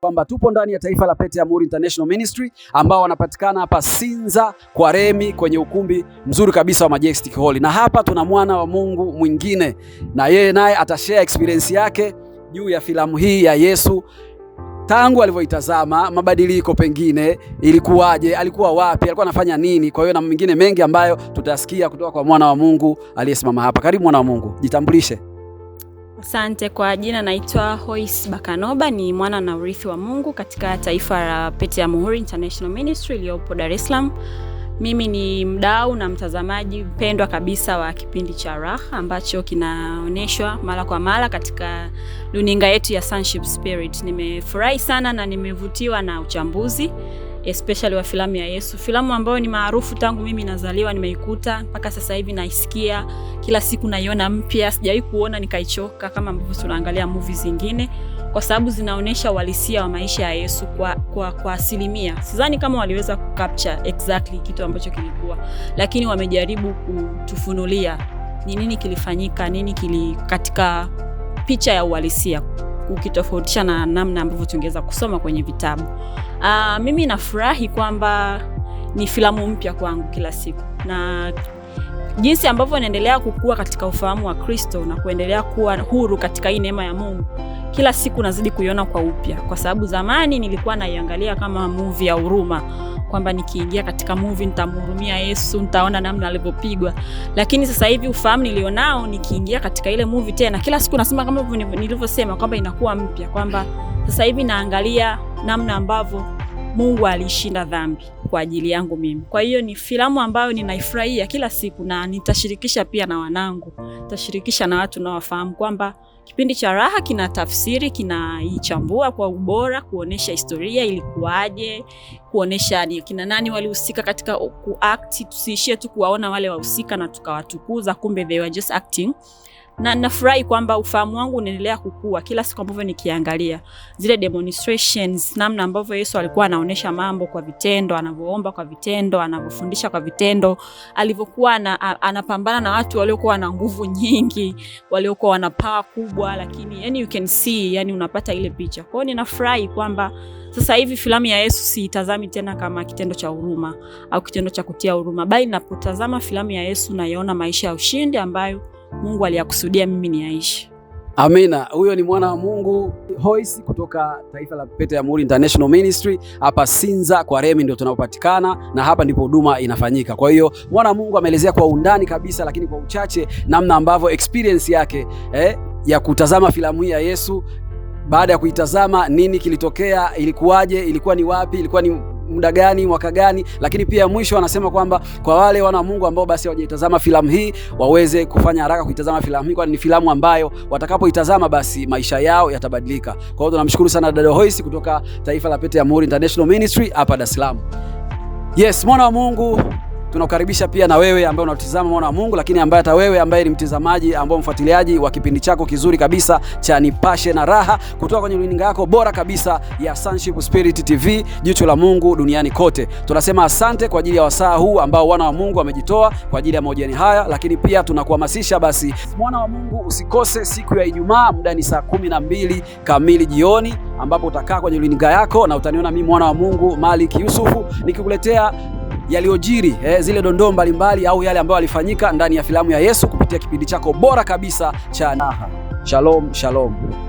kwamba tupo ndani ya taifa la Pete Amuri International Ministry ambao wanapatikana hapa Sinza kwa Remi kwenye ukumbi mzuri kabisa wa Majestic Hall, na hapa tuna mwana wa Mungu mwingine, na yeye naye atashare experience yake juu ya filamu hii ya Yesu tangu alivyoitazama mabadiliko, pengine ilikuwaje, alikuwa wapi, alikuwa anafanya nini? Kwa hiyo na mengine mengi ambayo tutasikia kutoka kwa mwana wa Mungu aliyesimama hapa. Karibu mwana wa Mungu, jitambulishe. Asante. Kwa jina naitwa hois Bakanoba, ni mwana na urithi wa Mungu katika taifa la Pete ya Muhuri International Ministry iliyopo Dar es Salaam. Mimi ni mdau na mtazamaji mpendwa kabisa wa kipindi cha Raha ambacho kinaonyeshwa mara kwa mara katika luninga yetu ya Sonship Spirit. Nimefurahi sana na nimevutiwa na uchambuzi especially wa filamu ya Yesu, filamu ambayo ni maarufu tangu mimi nazaliwa, nimeikuta mpaka sasa hivi naisikia kila siku, naiona mpya, sijawahi kuona nikaichoka kama ambavyo tunaangalia movie zingine kwa sababu zinaonyesha uhalisia wa maisha ya Yesu kwa, kwa, kwa asilimia. Sidhani kama waliweza kucapture exactly kitu ambacho kilikuwa, lakini wamejaribu kutufunulia ni nini kilifanyika, nini kili katika picha ya uhalisia ukitofautisha na namna ambavyo tungeweza kusoma kwenye vitabu. Aa, ah, mimi nafurahi kwamba ni filamu mpya kwangu kila siku na jinsi ambavyo naendelea kukua katika ufahamu wa Kristo na kuendelea kuwa huru katika hii neema ya Mungu kila siku nazidi kuiona kwa upya, kwa sababu zamani nilikuwa naiangalia kama muvi ya huruma kwamba nikiingia katika muvi nitamhurumia Yesu, nitaona namna alivyopigwa. Lakini sasa hivi ufahamu nilionao, nikiingia katika ile muvi tena, kila siku nasema kama nilivyosema kwamba inakuwa mpya, kwamba sasa hivi naangalia namna ambavyo Mungu alishinda dhambi kwa ajili yangu mimi. Kwa hiyo ni filamu ambayo ninaifurahia kila siku, na nitashirikisha pia na wanangu, nitashirikisha na watu nawafahamu kwamba kipindi cha Raha kina tafsiri, kinaichambua kwa ubora, kuonesha historia ilikuwaje, kuonesha ni kina nani walihusika katika kuact. Tusiishie tu kuwaona wale wahusika na tukawatukuza, kumbe they were just acting na nafurahi kwamba ufahamu wangu unaendelea kukua kila siku ambavyo nikiangalia zile demonstrations, namna ambavyo Yesu alikuwa anaonyesha mambo kwa vitendo, anavyoomba kwa vitendo, anavyofundisha kwa vitendo, alivyokuwa anapambana na watu waliokuwa na nguvu nyingi, waliokuwa wana pawa kubwa, lakini yani you can see, yani unapata ile picha. Kwa hiyo ninafurahi kwamba sasa hivi filamu ya Yesu siitazami tena kama kitendo cha huruma au kitendo cha kutia huruma, bali napotazama filamu ya Yesu naiona maisha ya ushindi ambayo Mungu aliyakusudia mimi niaishi. Amina. Huyo ni mwana wa Mungu Hoyce kutoka taifa la Pete ya Muri International Ministry hapa Sinza kwa Remi, ndio tunaopatikana na hapa ndipo huduma inafanyika. Kwa hiyo mwana wa Mungu ameelezea kwa undani kabisa, lakini kwa uchache, namna ambavyo experience yake eh, ya kutazama filamu hii ya Yesu, baada ya kuitazama, nini kilitokea, ilikuwaje, ilikuwa ni wapi, ilikuwa ni muda gani, mwaka gani. Lakini pia mwisho anasema kwamba kwa wale wana wa Mungu ambao basi hawajaitazama filamu hii waweze kufanya haraka kuitazama filamu hii, kwani ni filamu ambayo watakapoitazama basi maisha yao yatabadilika. Kwa hiyo tunamshukuru sana dada Hoisi kutoka taifa la Pete ya Muhuri International Ministry hapa Dar es Salaam. Yes, mwana wa Mungu tunakukaribisha pia na wewe ambaye unatizama mwana wa Mungu, lakini ambaye hata wewe ambaye ni mtizamaji ambao mfuatiliaji wa kipindi chako kizuri kabisa cha Nipashe na Raha kutoka kwenye runinga yako bora kabisa ya Sonship Spirit TV, jicho la Mungu duniani kote. Tunasema asante kwa ajili ya wasaa huu ambao wana wa Mungu wamejitoa kwa ajili ya mahojiano haya, lakini pia tunakuhamasisha basi, mwana wa Mungu, usikose siku ya Ijumaa, muda ni saa kumi na mbili kamili jioni, ambapo utakaa kwenye runinga yako na utaniona mimi mwana wa Mungu Malik Yusufu nikikuletea yaliyojiri eh, zile dondoo mbalimbali au yale ambayo yalifanyika ndani ya filamu ya Yesu kupitia kipindi chako bora kabisa cha Naha. Shalom, shalom.